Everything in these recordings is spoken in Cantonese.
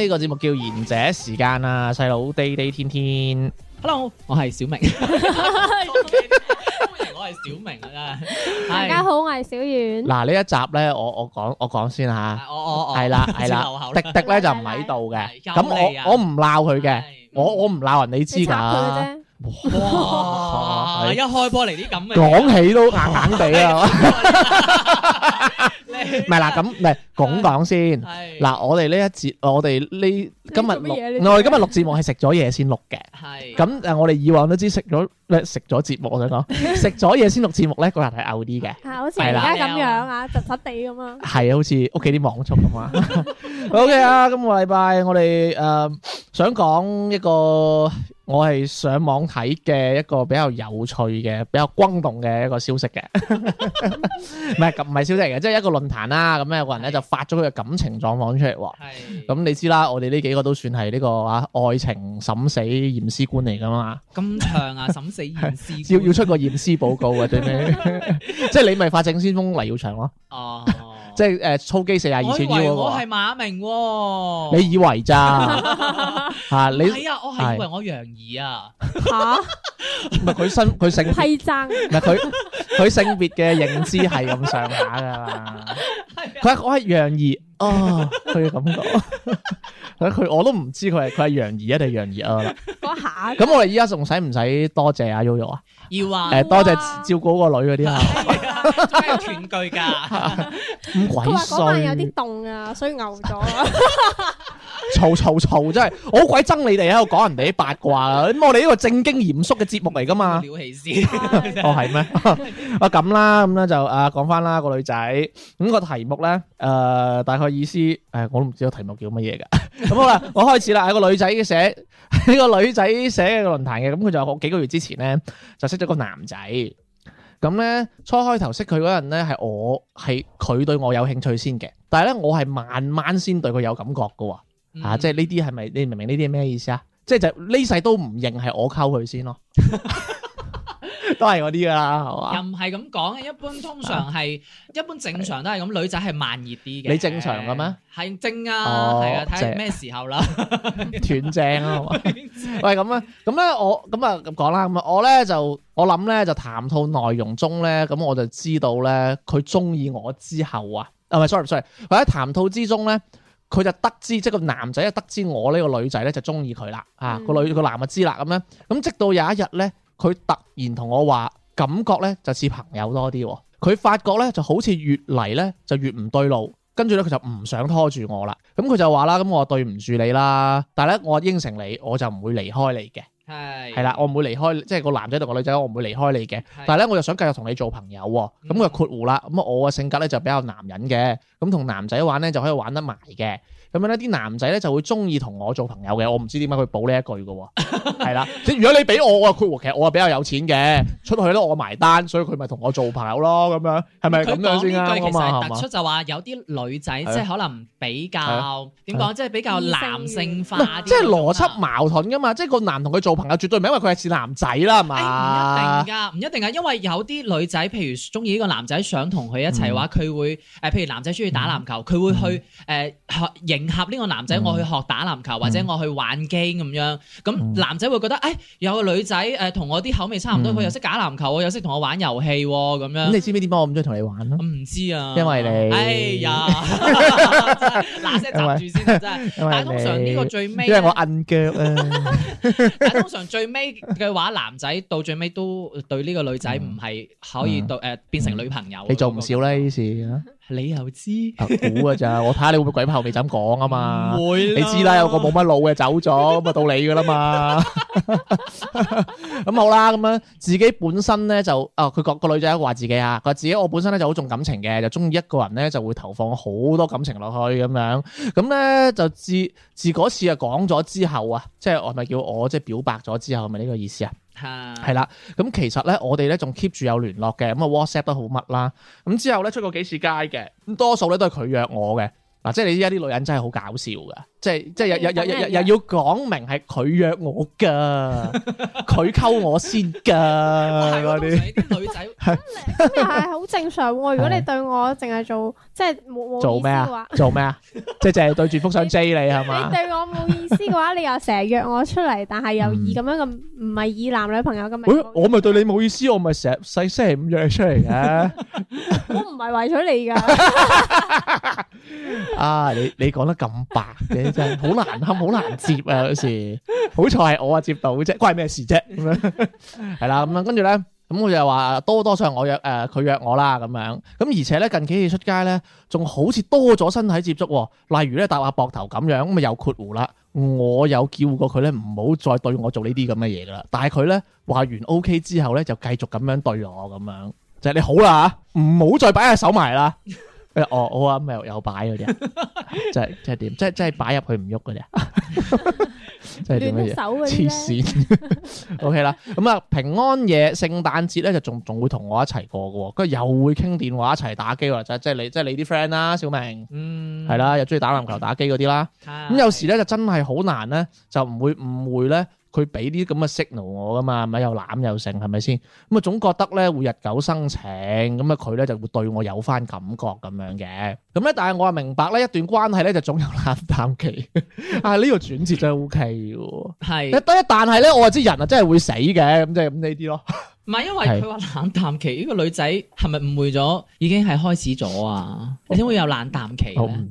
呢個節目叫賢者時間啊，細佬 day day 天天，hello，我係小明，歡迎我係小明啊，大家好，我係小遠。嗱呢一集咧，我我講我講先吓，係啦係啦，滴滴咧就唔喺度嘅，咁我我唔鬧佢嘅，我我唔鬧人，你知噶，哇，一開波嚟啲咁嘅，講起都硬硬地啊。咪嗱，咁咪講講先。嗱，我哋呢一節，我哋呢今日錄，我哋今日錄節目係食咗嘢先錄嘅。係。咁誒，我哋以往都知食咗咧，食咗節目我想講，食咗嘢先錄節目咧，個人係牛啲嘅。係，好似而家咁樣啊，窒窒哋咁啊。係啊，好似屋企啲網速咁啊。OK 啊，今個禮拜我哋誒想講一個。我係上網睇嘅一個比較有趣嘅，比較轟動嘅一個消息嘅， 唔係唔係消息嚟嘅，即係一個論壇啦。咁咧有個人咧就發咗佢嘅感情狀況出嚟喎。係的。咁，嗯、你知啦，我哋呢幾個都算係呢個啊愛情審死驗屍官嚟噶嘛咁長啊，審死驗屍官。 要要出個驗屍報告啊對咩， 即係你咪法證先鋒黎耀祥咯。哦。 即係誒，操機四廿二寸腰嘅我以為我係馬明，你以為咋？吓你係啊，我係以為我楊怡啊，吓唔係佢身佢性批憎，唔係佢佢性別嘅認知係咁上下噶。佢我係楊怡哦，佢咁講，佢佢我都唔知佢係佢係楊怡啊定楊怡啊。講下咁我哋依家仲使唔使多謝阿 Yo Yo 啊？要啊！誒，多謝照顧個女嗰啲啊。真係斷句噶，咁鬼衰。嗰 晚有啲凍啊，所以牛咗。嘈嘈嘈，真係好鬼憎你哋喺度講人哋啲八卦。咁我哋呢個正經嚴肅嘅節目嚟噶嘛？屌氣先。哦，係是咩？啊咁啦，咁咧就啊講翻啦，個女仔。咁、那個題目咧，誒、呃、大概意思，誒、呃、我都唔知個題目叫乜嘢噶。咁 好啦，我開始啦，係個女仔嘅寫，呢個女仔寫嘅個論壇嘅。咁佢就好幾個月之前咧，就識咗個男仔。咁咧，初開頭識佢嗰陣咧，係我係佢對我有興趣先嘅，但係咧，我係慢慢先對佢有感覺噶，吓、嗯啊，即係呢啲係咪？你明唔明呢啲係咩意思啊？即係就呢世都唔認係我溝佢先咯。 都係嗰啲噶啦，係嘛？又唔係咁講，一般通常係一般正常都係咁， 女仔係慢熱啲嘅。你正常嘅咩？係正啊，睇咩、哦、時候啦？斷正， 正啊！正 喂，咁啊，咁咧，我咁啊咁講啦。咁我咧就我諗咧就談吐內容中咧，咁我就知道咧，佢中意我之後啊，啊唔係，sorry，sorry，喺談吐之中咧，佢就得知即係個男仔啊，得知我呢個女仔咧就中意佢啦。啊，個、啊、女個男啊知啦咁咧，咁直到有一日咧。佢突然同我話，感覺咧就似朋友多啲，佢發覺咧就好似越嚟咧就越唔對路，跟住咧佢就唔想拖住我啦。咁佢就話啦，咁我對唔住你啦，但係咧我應承你，我就唔會離開你嘅。係係啦，我唔會離開，即係個男仔同個女仔，我唔會離開你嘅。但係咧，我就想繼續同你做朋友喎。咁佢的、嗯、括弧啦，咁啊，我嘅性格咧就比較男人嘅，咁同男仔玩咧就可以玩得埋嘅。咁樣咧，啲男仔咧就會中意同我做朋友嘅，我唔知點解佢補呢一句噶，係啦。 即如果你俾我，我括，其實我係比較有錢嘅，出去咧我埋單，所以佢咪同我做朋友咯。咁樣係咪咁樣先啊？其實突出就話有啲女仔，嗯、即係可能比較點講，即係比較男性化即係邏輯矛盾噶嘛？即係個男同佢做朋友，絕對唔係因為佢係似男仔啦，係咪、哎？唔一定噶，唔一定啊。因為有啲女仔，譬如中意呢個男仔，想同佢一齊嘅話，佢、嗯、會誒，譬如男仔中意打籃球，佢、嗯、會去誒、呃迎合呢個男仔，我去學打籃球或者我去玩機咁樣，咁男仔會覺得，哎，有個女仔誒同我啲口味差唔多，佢又識打籃球，又識同我玩遊戲咁樣。咁你知唔知點解我咁中意同你玩咧？唔知啊，因為你哎呀，嗱，即係閘住先，真係。但係通常呢個最尾，因為我摁腳。但係通常最尾嘅話，男仔到最尾都對呢個女仔唔係可以對誒變成女朋友。你做唔少啦呢啲事。你又知、 啊？估噶咋？我睇下你會唔會鬼拍後尾，咁講啊？嘛，會啦。你知啦，有個冇乜路嘅走咗，咁啊 到你噶啦嘛。咁、 嗯、好啦，咁、嗯、樣自己本身咧就啊，佢、哦、個個女仔話自己啊，佢話自己我本身咧就好重感情嘅，就中意一個人咧就會投放好多感情落去咁樣。咁、嗯、咧就自自嗰次啊講咗之後啊，即係我咪叫我即係表白咗之後，係咪呢個意思啊？係啦，咁 其實咧，我哋咧仲 keep 住有聯絡嘅，咁啊 WhatsApp 得好密啦。咁之後咧，出過幾次街嘅，咁多數咧都係佢約我嘅。嗱，即係你而家啲女人真係好搞笑噶。即係即係又又又又又要講明係佢約我噶，佢溝我先噶嗰啲，女仔咁係係好正常喎。如果你對我淨係做即係做咩啊？做咩啊？即係淨係對住幅相 J 你係嘛？你對我冇意思嘅話，你又成日約我出嚟，但係又以咁樣咁唔係以男女朋友咁。誒，我咪對你冇意思，我咪成日細聲嚟咁約你出嚟嘅。我唔係為咗你噶。啊，你你講得咁白嘅？好 難堪，好難接啊！有時，好彩係我啊接到啫，關咩事啫，啊？係 啦，咁樣跟住咧，咁我就話多多上我約誒，佢，呃、約我啦，咁樣咁而且咧，近幾次出街咧，仲好似多咗身體接觸，哦，例如咧搭下膊頭咁樣，咁啊又括弧啦，我有叫過佢咧唔好再對我做呢啲咁嘅嘢噶啦，但係佢咧話完 O、OK、K 之後咧就繼續咁樣對我咁樣，就係，是，你好啦，啊，唔好再擺下手埋啦。 哦，我、哦、話、嗯、有有擺嗰啲，即係即係點，即係即係擺入去唔喐嘅啫，啊，即係點乜嘢？黐線。OK 啦，咁啊 平安夜、聖誕節咧就仲仲會同我一齊過噶，跟住又會傾電話一齊打機、或者、啊，即係即係你即係你啲 friend 啦，小明，嗯，係啦， 又中意打籃球打、打機嗰啲啦，咁 有時咧就真係好難咧，就唔會誤會咧。佢俾啲咁嘅 signal 我噶嘛，咪又攬又剩，係咪先？咁啊總覺得咧會日久生情，咁啊佢咧就會對我有翻感覺咁樣嘅。咁咧、嗯、但係我啊明白咧一段關係咧就總有冷淡期， 啊呢個轉折真係 OK 噶係得。但係咧我啊知人啊真係會死嘅，咁即係咁呢啲咯。 唔係，因為佢話冷淡期，呢個女仔係咪誤會咗？已經係開始咗啊？你點會有冷淡期？唔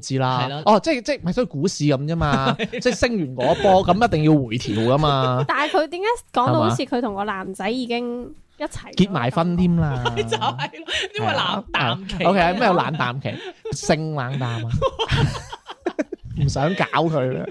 知啦。哦，即係即係，咪所以股市咁啫嘛？即係升完嗰一波，咁一定要回調噶嘛？但係佢點解講到好似佢同個男仔已經一齊結埋婚添啦？就係因為冷淡期。O K，咩有冷淡期？性冷淡啊？唔想搞佢。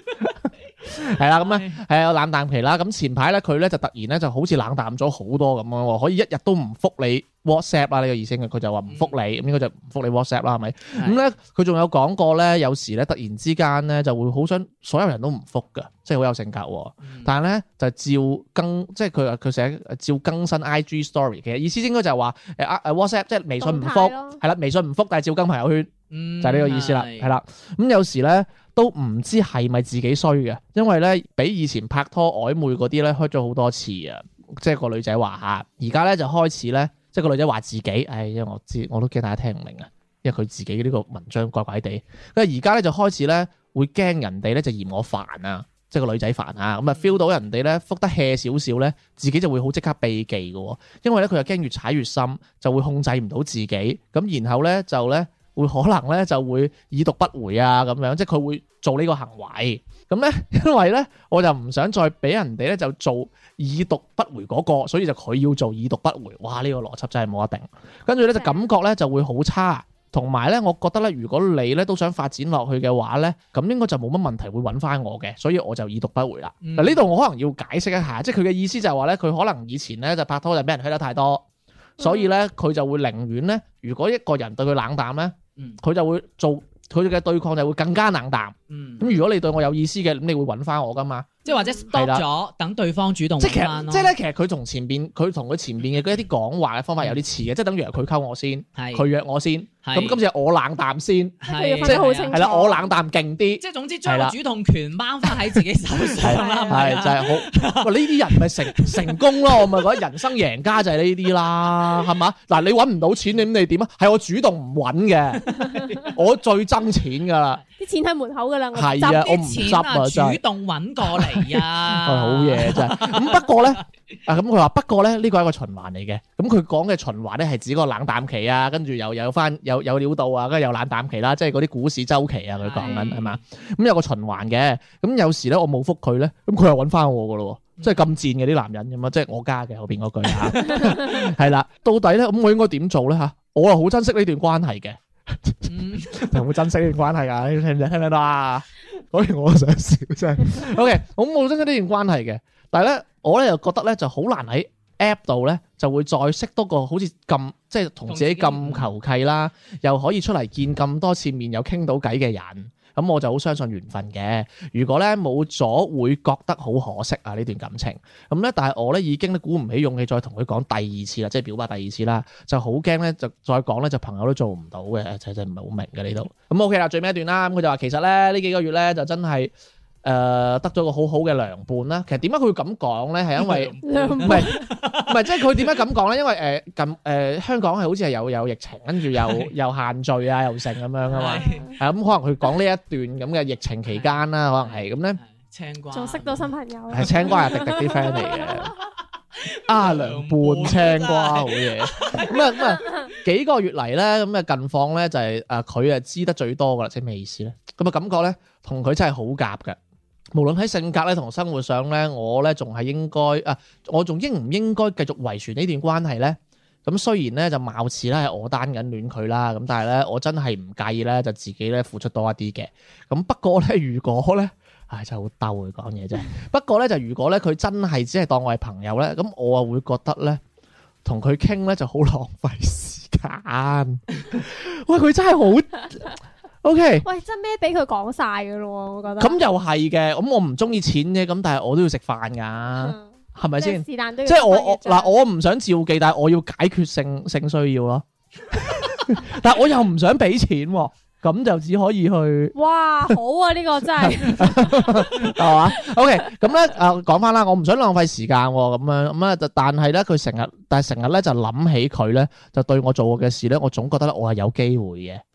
係啦，咁咧， 係、嗯、有冷淡期啦。咁前排咧，佢咧就突然咧就好似冷淡咗好多咁樣，可以一日都唔覆你 WhatsApp 啦呢、這個意思嘅，佢就話唔覆你，咁、嗯、應該就唔覆你 WhatsApp 啦，係咪？咁咧的，佢仲、嗯、有講過咧，有時咧突然之間咧就會好想所有人都唔覆噶，即係好有性格。嗯、但係咧就照更，即係佢話佢寫照更新 IG Story 嘅意思應該就係話誒 WhatsApp 即係微信唔覆，係啦，微信唔覆，但係照更朋友圈。就係呢個意思啦，係啦，咁有時咧都唔知係咪自己衰嘅，因為咧比以前拍拖曖昧嗰啲咧開咗好多次啊，即係個女仔話吓，而家咧就開始咧，即係個女仔話自己，唉，因為我知我都驚大家聽唔明啊，因為佢自己呢個文章怪怪地，跟住而家咧就開始咧會驚人哋咧就嫌我煩啊，即係個女仔煩啊，咁啊 feel 到人哋咧覆得 hea 少少咧，自己就會好即刻避忌嘅，因為咧佢又驚越踩越深，就會控制唔到自己，咁然後咧就咧。會可能咧就會已讀不回啊咁樣，即係佢會做呢個行為，咁咧因為咧我就唔想再俾人哋咧就做已讀不回嗰、那個，所以就佢要做已讀不回，哇呢、這個邏輯真係冇一定。跟住咧就感覺咧就會好差，同埋咧我覺得咧如果你咧都想發展落去嘅話咧，咁應該就冇乜問題會揾翻我嘅，所以我就已讀不回啦。嗱呢度我可能要解釋一下，即係佢嘅意思就係話咧佢可能以前咧就拍拖就俾人欺得太多，所以咧佢就會寧願咧如果一個人對佢冷淡咧。嗯，佢就會做佢嘅對抗，就會更加冷淡。嗯，咁如果你對我有意思嘅，咁你會揾返我㗎嘛？即係或者 stop 咗等對方主動即係其實咧，其實佢同前邊佢同佢前邊嘅嗰一啲講話嘅方法有啲似嘅，即係等如佢溝我先，佢約我先，咁今次我冷淡先，即係好清楚，係啦，我冷淡勁啲，即係總之將主動權掹翻喺自己手上啦，係就係好。喂，呢啲人咪成成功咯，我咪覺得人生贏家就係呢啲啦，係嘛？嗱，你揾唔到錢，你咁你點啊？係我主動唔揾嘅，我最憎錢噶啦。錢喺門口噶啦，我唔執啲錢、啊、錢啊，主動揾過嚟啊，好嘢、 啊啊、真。咁不過咧， 啊咁佢話不過咧，呢個係一個循環嚟嘅。咁佢講嘅循環咧，係指嗰個冷淡期啊，跟住又，又有翻有有料到啊，跟住有冷淡期啦、啊，即係嗰啲股市周期啊，佢講緊係嘛？咁、嗯嗯嗯、有個循環嘅。咁、嗯、有時咧，我冇覆佢咧，咁佢又揾翻我噶咯。即係咁賤嘅啲男人咁嘛，即係我家嘅後邊嗰句吓，係、啊、啦。 到底咧，咁我應該點做咧吓？我啊好珍惜呢段關係嘅。就冇 珍惜呢段關係㗎，聽唔聽聽得到啊？所以我想笑聲。 OK，我冇珍惜呢段關係嘅，但係咧，我咧又覺得咧就好難喺 App 度咧就會再識多個好似咁，即係同自己咁求契啦，又可以出嚟見咁多次面，又傾到偈嘅人。咁、嗯、我就好相信緣分嘅，如果咧冇咗會覺得好可惜啊呢段感情，咁、嗯、咧但係我咧已經都鼓唔起勇氣再同佢講第二次啦，即係表白第二次啦，就好驚咧就再講咧就朋友都做唔到嘅，就就唔係好明嘅呢度。咁、嗯、OK 啦，最尾一段啦，咁、嗯、佢就話其實咧呢幾個月咧就真係。誒、呃，得咗個好好嘅良伴啦。其實點解佢會咁講咧？係因為唔係唔係，即係佢點解咁講咧？因為誒、呃、近誒、呃、香港係好似係又有疫情，跟住又 又限聚啊，又剩咁樣啊嘛。係咁、 嗯、可能佢講呢一段咁嘅疫情期間啦， 可能係咁咧。 青瓜仲識到新朋友。誒，青瓜係迪迪啲 friend 嚟嘅。啊，良伴青瓜 好嘢厲。咁啊咁啊，幾個月嚟咧咁嘅近況咧就係誒佢啊知得最多噶啦，即係咩意思咧？咁、那、啊、個、感覺咧同佢真係好夾嘅。無論喺性格咧同生活上咧，我咧仲係應該啊，我仲應唔應該繼續維持呢段關係咧？咁雖然咧就貌似咧係我單緊戀佢啦，咁但係咧我真係唔介意咧就自己咧付出多一啲嘅。咁不過咧如果咧，唉真係好嬲佢講嘢啫。不過咧就如果咧佢真係只係當我係朋友咧，咁我啊會覺得咧同佢傾咧就好浪費時間。喂佢真係好。O Okay , K，喂，真咩俾佢講晒嘅咯？我覺得咁又係嘅，咁我唔中意錢嘅，咁但係我都要食飯噶，係咪先？是但都要，即係我我嗱，我唔想召妓，但係我要解決性性需要咯。 但係我又唔想俾錢，咁就只可以去。哇，好啊，呢個真係係嘛？O K，咁咧，誒、 啊，講翻啦，我唔想浪費時間，咁樣咁啊，但係咧，佢成日，但係成日咧就諗起佢咧，就對我做嘅事咧，我總覺得咧，我係有機會嘅。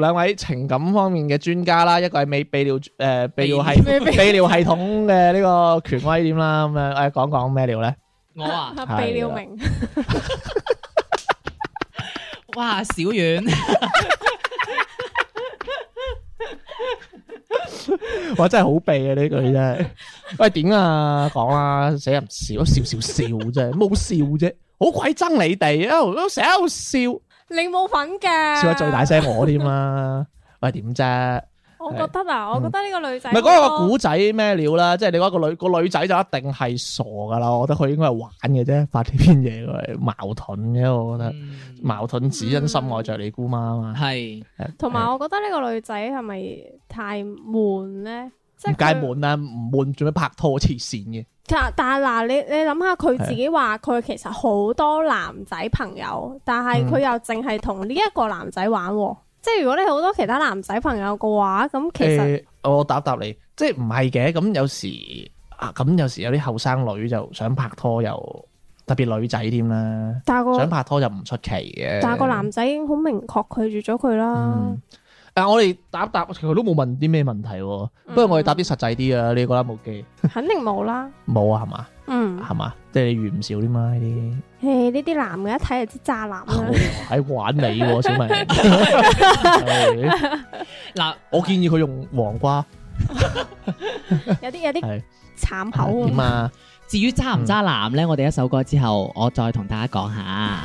兩位情感方面嘅專家啦，一個係泌尿，誒泌尿，係泌尿系統嘅呢個權威點啦，咁樣誒講講咩料咧？我啊，泌尿明，哇，小遠， 哇，真係好泌啊！呢句真係，喂點啊？講啊，死人笑，笑笑笑笑啫，冇笑啫，好鬼憎你哋啊！都成日喺度笑。你冇份嘅，笑得最大聲我添啦，啊， 喂點啫？我覺得啊，嗯、我覺得呢個女仔唔係講個古仔咩料啦，即係你講個女個女仔就一定係傻噶啦，我覺得佢應該係玩嘅啫，發呢篇嘢，矛盾嘅我覺得，嗯、矛盾只因心愛着你姑媽啊嘛，係，同埋我覺得呢個女仔係咪太悶咧？即係唔解悶啊，唔悶做咩拍拖黐線嘅？但但嗱，你你諗下佢自己話佢其實好多男仔朋友，的但係佢又淨係同呢一個男仔玩，嗯、即係如果你好多其他男仔朋友嘅話，咁其實、欸、我答答你，即係唔係嘅，咁有時啊，咁有時有啲後生女就想拍拖，又特別女仔添啦，但個想拍拖又唔出奇嘅，但係個男仔已經好明確拒絕咗佢啦。嗯。但我哋答答，其實都冇問啲咩問題，不如我哋答啲實際啲啊！你覺得冇機？肯定冇啦，冇啊，係嘛？嗯，係嘛？即係越唔少啲嘛？呢啲呢啲男嘅一睇就知渣男啦，喺玩你喎，小明。嗱，我建議佢用黃瓜，有啲有啲慘口啊，至於渣唔渣男咧，我哋一首歌之後，我再同大家講下。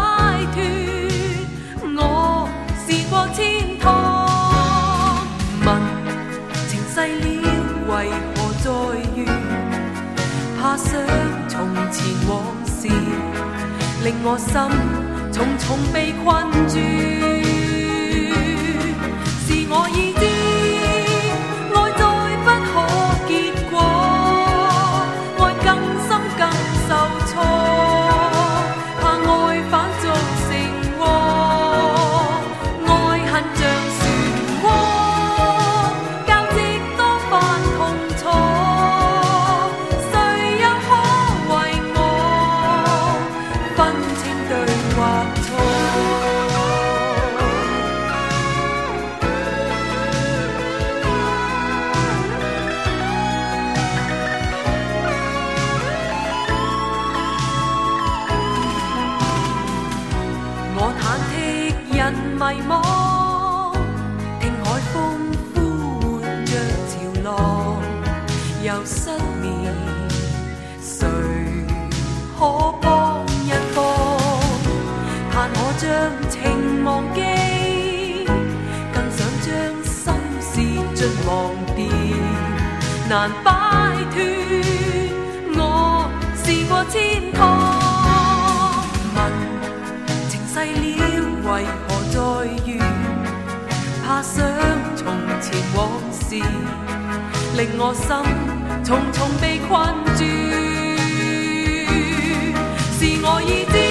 從前往事，令我心重重被困住。情忘記，更想將心事盡忘掉，難擺脱。我試過千趟問，情逝了為何再遇？怕想從前往事，令我心重重被困住。是我已知。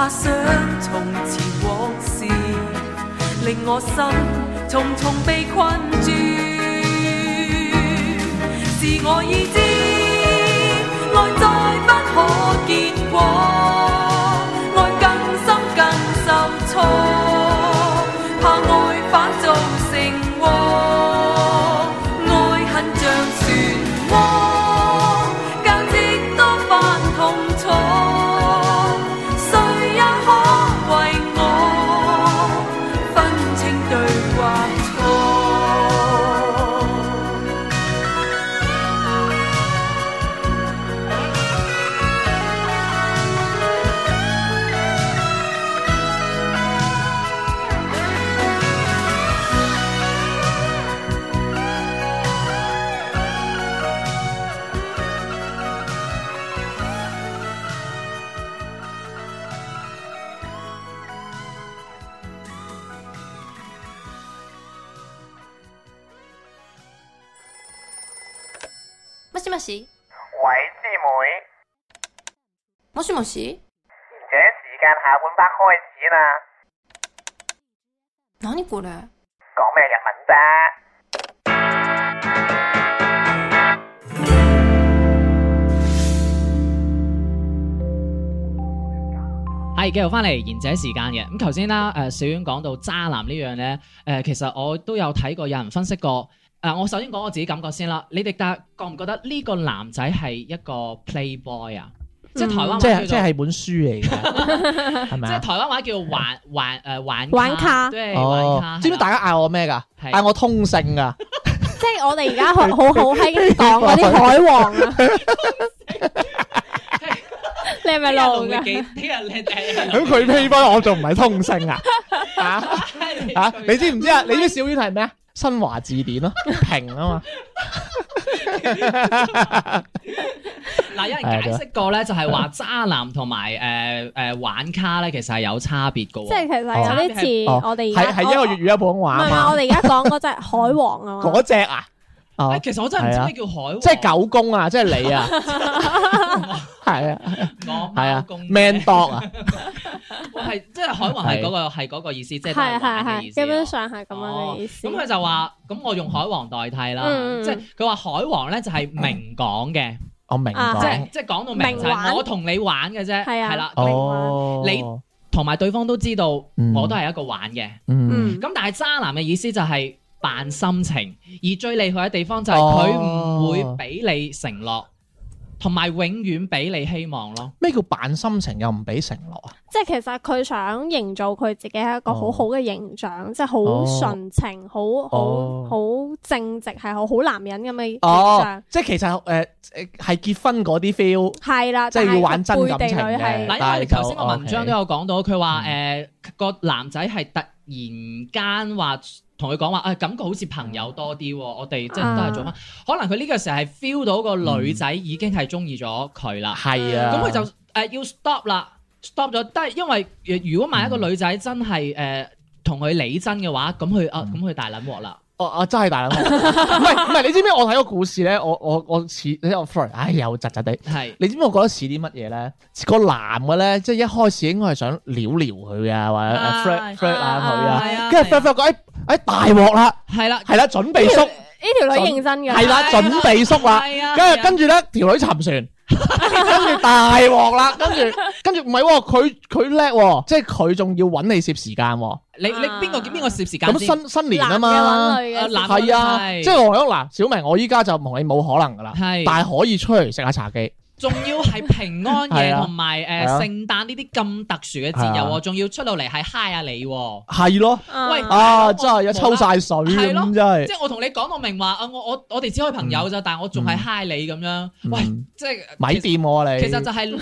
他想從前往事，令我心重重被困住。自我已知，愛再不可結果。乜事，喂，師妹。もしもし。賢者時間下半 part 開始啦。咩？講咩日文啫？係繼續翻嚟賢者時間嘅咁，頭先啦，誒，小婉講到渣男呢樣咧，誒、呃，其實我都有睇過，有人分析過。誒，我首先講我自己感覺先啦。你哋得覺唔覺得呢個男仔係一個 playboy 啊？即係台灣即係即係本書嚟嘅，係咪？即係台灣話叫玩玩誒玩玩卡，即玩知唔知大家嗌我咩噶？嗌我通性噶？即係我哋而家好好興講嗰啲海王啊！你係咪狼噶？你哋響佢 playboy 我仲唔係通性啊？啊你知唔知啊？你啲小魚係咩啊？新華字典咯， 平啊嘛。嗱 有人解釋過咧，就係話渣男同埋誒誒玩卡咧，其實係有差別噶、啊。即係其實有啲字，我哋係係一個粵語，一本話。唔係，我哋而家講嗰隻海王啊嗰隻 啊，啊、哦，其實我真係唔知咩、啊、叫海王。即係狗公啊，即係你啊。 係啊，我係啊，Man Dog 啊，我係即係海王係嗰個係嗰個意思，即係係係係，基本上係咁樣嘅意思。咁佢就話，咁我用海王代替啦，即係佢話海王咧就係明講嘅，我明，即係即係講到明，我同你玩嘅啫，係啦，哦，你同埋對方都知道，我都係一個玩嘅，嗯，咁但係渣男嘅意思就係扮深情，而最厲害嘅地方就係佢唔會俾你承諾。同埋永遠俾你希望咯。咩叫扮心情又唔俾承諾啊？即係其實佢想營造佢自己係一個好好嘅形象，哦、即係好純情、好好好正直，係好好男人咁嘅形象。哦、即係其實誒係、呃、結婚嗰啲 feel 係啦，的即係要玩真感情嘅。佢背地裏係，嗱，因為你頭先個文章都有講到，佢話誒個男仔係突然間話。同佢講話，誒，感覺好似朋友多啲，我哋即係都係做乜？可能佢呢個時候係 feel 到個女仔已經係中意咗佢啦。係啊，咁佢就誒要 stop 啦，stop 咗。但係因為如果萬一一個女仔真係誒同佢理真嘅話，咁佢啊咁佢大撚鑊啦。哦，啊真係大撚鑊，唔係唔係。你知唔知我睇個故事咧？我我我似呢個 friend，哎又窒窒地。係，你知唔知我覺得似啲乜嘢咧？個男嘅咧，即係一開始應該係想撩撩佢啊，或者 friend friend 下佢啊，跟住 friend friend 佢。誒，大鑊啦！係啦，係啦，準備縮。呢條，條女認真嘅，係啦準，準備縮啦。係啊的。跟住，跟住咧，條女沉船，跟住大鑊啦，跟住，跟住唔係喎，佢佢叻喎，即係佢仲要揾你攝時間喎。你你邊個邊個攝時間先？咁新新年啊嘛，係啊，即係的、就是、我響嗱，小明，我依家就同你冇可能噶啦，係的，但係可以出去食下茶記。仲要係平安夜同埋誒聖誕呢啲咁特殊嘅節日，仲要出到嚟係嗨下你，係咯？喂，啊真係要抽晒水，係咯真係。即係我同你講到明話，啊我我我哋只可以朋友咋，但係我仲係嗨你咁樣，喂，即係咪掂我啊你？其實就係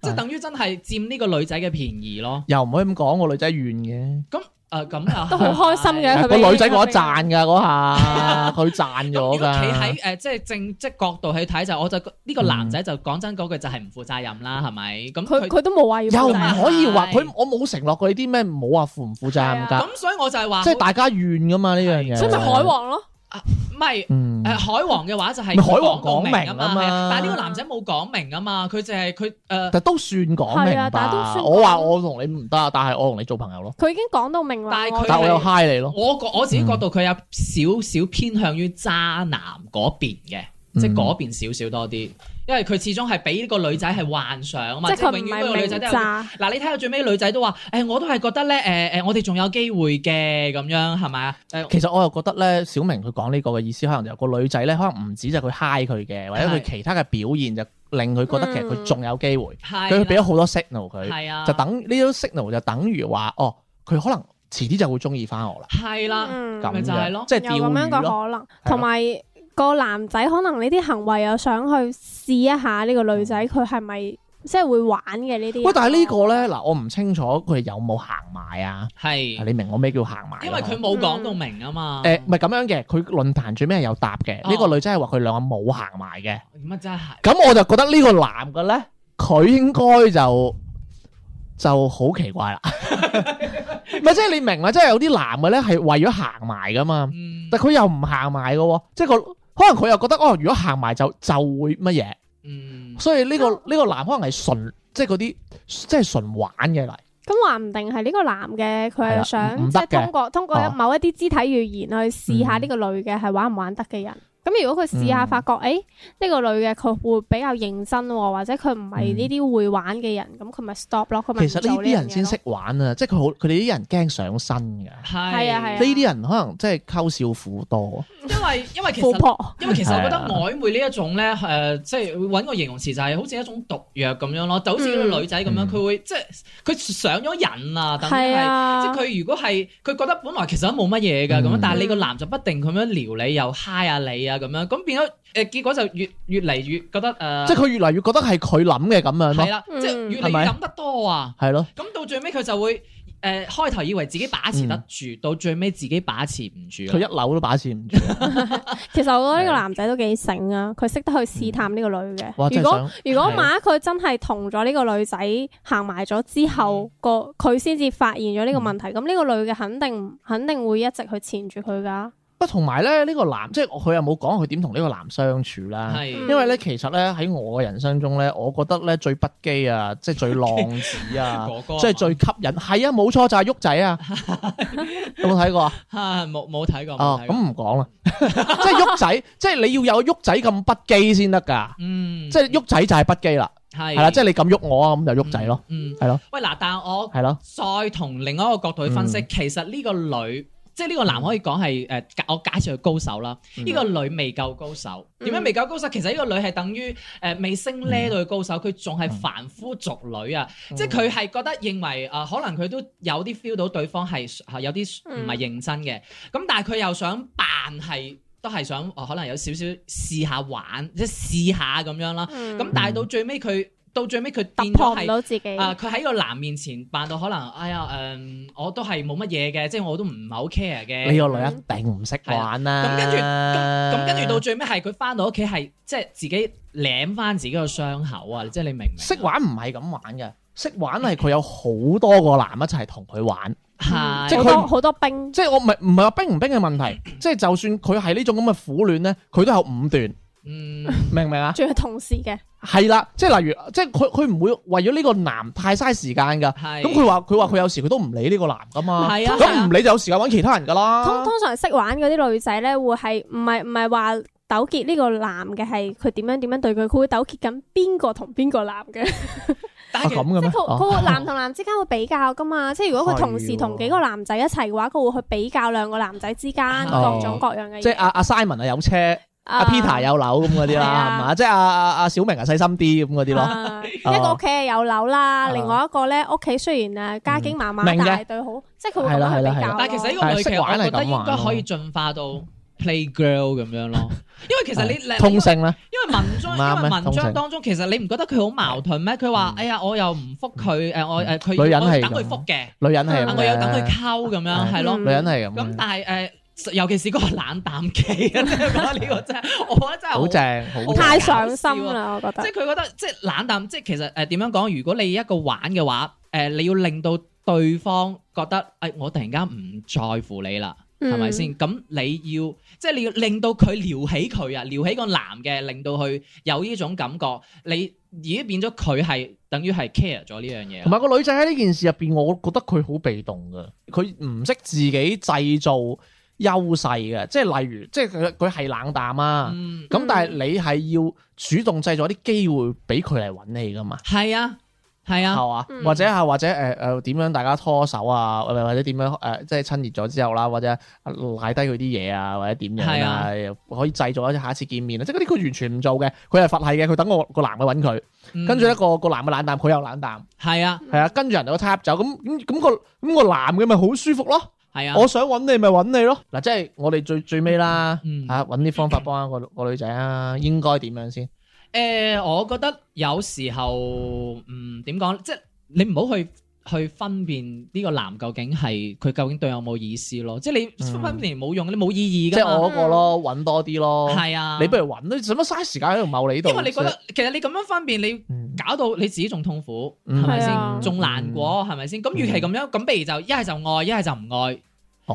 即係等於真係佔呢個女仔嘅便宜咯。又唔可以咁講，個女仔怨嘅。咁誒，咁啊，都好開心嘅，個女仔我賺噶嗰下，佢賺咗噶。如果企喺誒，即係正職角度去睇就，我就呢個男仔就講真嗰句就係唔負責任啦，係咪？咁佢佢都冇話要。又唔可以話佢，我冇承諾過你啲咩，冇話負唔負責任噶。咁所以我就係話，即係大家怨噶嘛呢樣嘢。即係海王咯。唔係，誒、啊嗯啊，海王嘅話就係海王講明啊嘛，但係呢個男仔冇講明啊嘛，佢就係佢誒，但都算講明吧。我話我同你唔得啊，但係我同你做朋友咯。佢已經講到明啦，但係佢又嗨你咯。我我自己覺得佢有少少偏向於渣男嗰邊嘅，嗯、即係嗰邊少少多啲。因為佢始終係俾呢個女仔係幻想啊嘛，即係永遠呢個女仔都係嗱，你睇下最尾女仔都話，誒、欸，我都係覺得咧，誒、呃、誒、呃，我哋仲有機會嘅咁樣，係咪啊？呃、其實我又覺得咧，小明佢講呢個嘅意思，可能就個女仔咧，可能唔止就佢嗨佢嘅，或者佢其他嘅表現就令佢覺得其實佢仲有機會，佢俾咗好多 signal 佢。嗯、就等呢啲 signal 就等於話，哦，佢可能遲啲就會中意翻我啦。係啦、嗯，咁樣就係咯、就是，即係釣魚可能。同埋。個男仔可能呢啲行為，又想去試一下呢個女仔佢係咪即係會玩嘅呢啲？喂，但係呢個咧嗱，我唔清楚佢有冇行埋啊？係是你明我咩叫行埋，啊？因為佢冇講到明啊嘛。誒、嗯，唔係咁樣嘅，佢論壇最尾係有答嘅。呢、哦、個女仔係話佢兩個冇行埋嘅。乜真係？咁我就覺得呢個男嘅咧，佢 應該就就好奇怪啦。唔 係 即係你明，嗯、啊？即係有啲男嘅咧係為咗行埋噶嘛，但佢又唔行埋嘅，即係個。可能佢又覺得哦，如果行埋就就會乜嘢，嗯、所以呢、這個呢、嗯、個男可能係純即係嗰啲即係純玩嘅嚟。咁話唔定係呢個男嘅，佢係想即係通過通過某一啲肢體語言、哦、去試下呢個女嘅係玩唔玩得嘅人。嗯咁如果佢試下發覺，誒呢、嗯欸呢個女嘅佢會比較認真喎，哦，或者佢唔係呢啲會玩嘅人，咁佢咪 stop 咯，佢咪做呢啲嘢咯。其實呢啲人先識玩啊，即係佢好，佢哋啲人驚上身㗎。係啊係啊，呢啲人可能即係溝少婦多因。因為因為其婆因為其實我覺得曖昧呢一種咧，誒、呃、即係揾個形容詞就係好似一種毒藥咁樣咯，就好似個女仔咁樣，佢、嗯嗯、會即係佢上咗癮啊，等係、嗯、即佢如果係佢覺得本來其實都冇乜嘢㗎，咁、嗯、但係你個男就不定咁樣撩你又 high 下你啊～咁樣，咁變咗，誒、呃，結果就越越嚟越覺得，誒、呃，即係佢越嚟越覺得係佢諗嘅咁樣咯。係啦了，嗯、即係越嚟越諗得多啊。係咯。咁到最尾佢就會，誒、呃，開頭以為自己把持得住，嗯、到最尾自己把持唔住。佢一扭都把持唔住。 其實我覺得呢個男仔都幾醒啊，佢識得去試探呢個女嘅、嗯。如果如果萬一佢真係同咗呢個女仔行埋咗之後，個佢先至發現咗呢個問題，咁呢、嗯、個女嘅肯定肯定會一直去纏住佢噶。不，同埋咧，呢個男，即係佢又冇講佢點同呢個男相處啦。係，因為咧，其實咧喺我嘅人生中咧，我覺得咧最不羈啊，即係最浪子啊，即係最吸引。係啊，冇錯，就係旭仔啊！有冇睇過啊？冇冇睇過啊？咁唔講啦。即係旭仔，即係你要有旭仔咁不羈先得噶。嗯。即係旭仔就係不羈啦。係。係啦，即係你咁喐我啊，咁就喐仔咯。嗯。係咯。喂，嗱，但我係咯，再同另一個角度去分析，其實呢個女。即係呢個男可以講係誒，嗯、我假設係高手啦。呢、呢個女未夠高手，點樣、嗯、未夠高手？其實呢個女係等於誒未升 level 嘅高手，佢仲係凡夫俗女啊！嗯、即係佢係覺得認為誒、呃，可能佢都有啲 feel 到對方係有啲唔係認真嘅。咁、嗯、但係佢又想扮係，都係想、呃、可能有少少試下玩，即係試下咁樣啦。咁但係到最尾佢。嗯嗯到最尾佢突破唔到自己。啊、呃，佢喺個男面前扮到可能，哎呀，誒、呃，我都係冇乜嘢嘅，即係我都唔係好 care 嘅。你個女一定唔識玩啦。咁跟住，咁跟住到最尾係佢翻到屋企係即係自己舐翻自己個傷口啊！即係你明唔明？識玩唔係咁玩嘅，識玩係佢有好多個男一齊同佢玩，嗯、即係佢好多兵。即係我唔係唔係話兵唔兵嘅問題，即係 就，就算佢係呢種咁嘅苦戀咧，佢都有五段。明明 嗯，明唔明啊？仲係同事嘅，係啦， 即係例如，即係佢佢唔會為咗呢個男太嘥時間噶咁佢話佢話佢有時佢都唔理呢個男噶嘛，係啊，咁唔理就有時間揾其他人噶啦。通通常識玩嗰啲女仔咧，會係唔係唔係話糾結呢個男嘅係佢點樣點樣對佢，佢會糾結緊邊個同邊個男嘅，但係咁嘅。即係個男同男之間會比較噶嘛，即係如果佢同時同幾個男仔一齊嘅話，佢會去比較兩個男仔之間、哦、各種各樣嘅。即係阿阿 Simon 啊，有車。阿 Peter 有樓咁嗰啲啦，係嘛？即係阿阿小明啊，細心啲咁嗰啲咯。一個屋企係有樓啦，另外一個咧屋企雖然啊家境麻麻，但係對好，即係佢會覺得佢比較。但係其實呢個女其實我覺得應該可以進化到 play girl 咁樣咯。因為其實你通性咧，因為文章因為文章當中其實你唔覺得佢好矛盾咩？佢話哎呀我又唔覆佢，誒我誒佢要等佢覆嘅，女人係咁嘅。女人係等佢溝咁樣。女人係咁嘅。咁但係誒。尤其是嗰個冷淡期啊！呢 個真係， 我覺得真係好正，好 太上心啦！我覺得，即係佢覺得，即係冷淡，即係其實誒點樣講？如果你一個玩嘅話，誒、呃、你要令到對方覺得，誒、哎、我突然間唔在乎你啦，係咪先？咁你要，即係你要令到佢撩起佢啊，撩起個男嘅，令到佢有呢種感覺，你已經變咗佢係等於係 care 咗呢樣嘢。同埋個女仔喺呢件事入邊，我覺得佢好被動嘅，佢唔識自己製造。優勢嘅，即係例如，即係佢佢係冷淡啊，咁、嗯、但係你係要主動製造啲機會俾佢嚟搵你噶嘛？係啊，係啊，係嘛？或者係或者誒誒點樣大家拖手啊，或者點樣誒、呃、即係親熱咗之後啦，或者賴低佢啲嘢啊，或者點樣啊，啊可以製造一次下一次見面啊，即係嗰啲佢完全唔做嘅，佢係佛系嘅，佢等我個男嘅搵佢，嗯、跟住一個個男嘅冷淡，佢又冷淡，係啊係啊，跟住人哋個塌走，咁咁咁個咁、咁個男嘅咪好舒服咯。係啊，我想揾你咪揾你咯。嗱，即係我哋最最尾啦，啊，揾啲方法幫下個個女仔啊，應該點樣先？誒，我覺得有時候，嗯，點講？即係你唔好去去分辨呢個男究竟係佢究竟對我冇意思咯。即係你分分年冇用，你冇意義嘅，即係我嗰個咯，揾多啲咯。係啊，你不如揾，你使乜嘥時間喺度謀你度？因為你覺得，其實你咁樣分辨，你搞到你自己仲痛苦，係咪先？仲難過，係咪先？咁，與其咁樣，咁不如就一係就愛，一係就唔愛。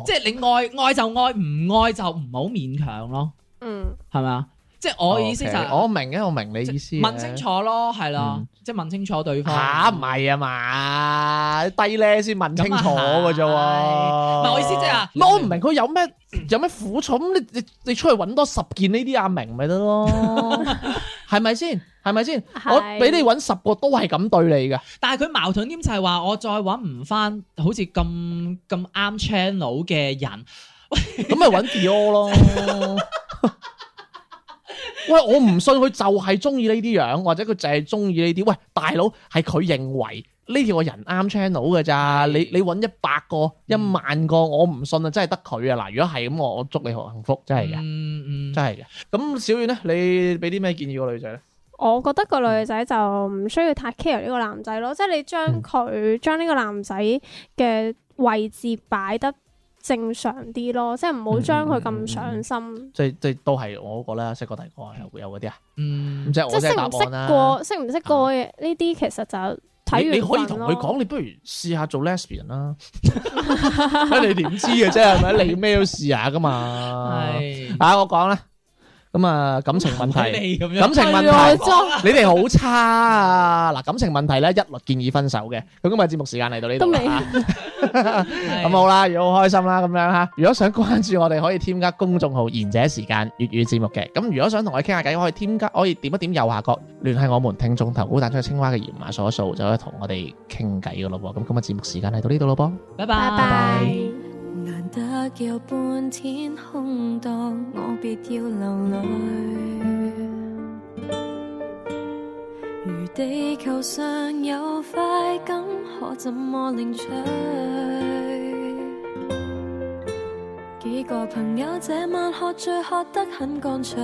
即係你愛愛就愛，唔愛就唔好勉強咯。嗯，係咪啊？即係我意思就係，我明嘅，我明你意思。問清楚咯，係咯，即係問清楚對方。吓唔係啊嘛，低咧先問清楚嘅啫喎。唔我意思即係啊，唔我唔明佢有咩有咩苦衷，你你你出去揾多十件呢啲阿明咪得咯，係咪先？係咪先？我俾你揾十個都係咁對你嘅，但係佢矛盾點就係話我再揾唔翻好似咁咁啱 channel 嘅人，咁咪揾 Dior 咯。喂，我唔信佢就係中意呢啲樣，或者佢淨係中意呢啲。喂，大佬係佢認為呢條個人啱 channel 嘅咋？你你揾一百個、一萬個，我唔信啊，真係得佢啊！嗱，如果係咁，我我祝你好幸福，真係嘅，嗯，嗯嗯，真係嘅。咁小婉咧，你俾啲咩建議個女仔咧？我覺得個女仔就唔需要太 care 呢個男仔咯，即係你將佢將呢個男仔嘅位置擺得。正常啲咯，即係唔好將佢咁上心。即係即係都係我覺得，識過第二個有有嗰啲啊。嗯，即係即係識唔識過，識唔識過嘅呢啲其實就睇完。你可以同佢講，你不如試下做 lesbian 啦。你點知嘅啫？係咪你咩都試下噶嘛？係啊，我講啦。咁啊，感情問題，感情問題，你哋好差啊！嗱，感情問題咧，一律建議分手嘅。咁今日節目時間嚟到呢度。咁 好啦吧，要開心啦，咁、啊、樣吓。如果想關注我哋，可以添加公眾號“賢者時間粵語節目”嘅。咁如果想同我哋傾下偈，可以添加，可以點一點右下角聯繫我們聽眾投股彈出青蛙嘅電話所數，就可以同我哋傾偈噶咯噃。咁今日節目時間嚟到呢度咯噃，拜拜拜拜。我如地球上有快感，可怎麼領取？幾個朋友這晚喝醉，喝得很乾脆，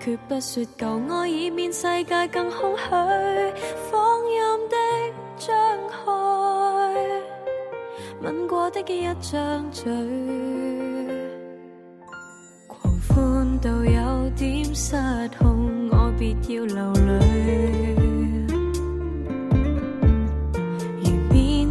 卻不説舊愛，以免世界更空虛。放任的張開，吻過的一張嘴，狂歡到有點失控。我別要流淚。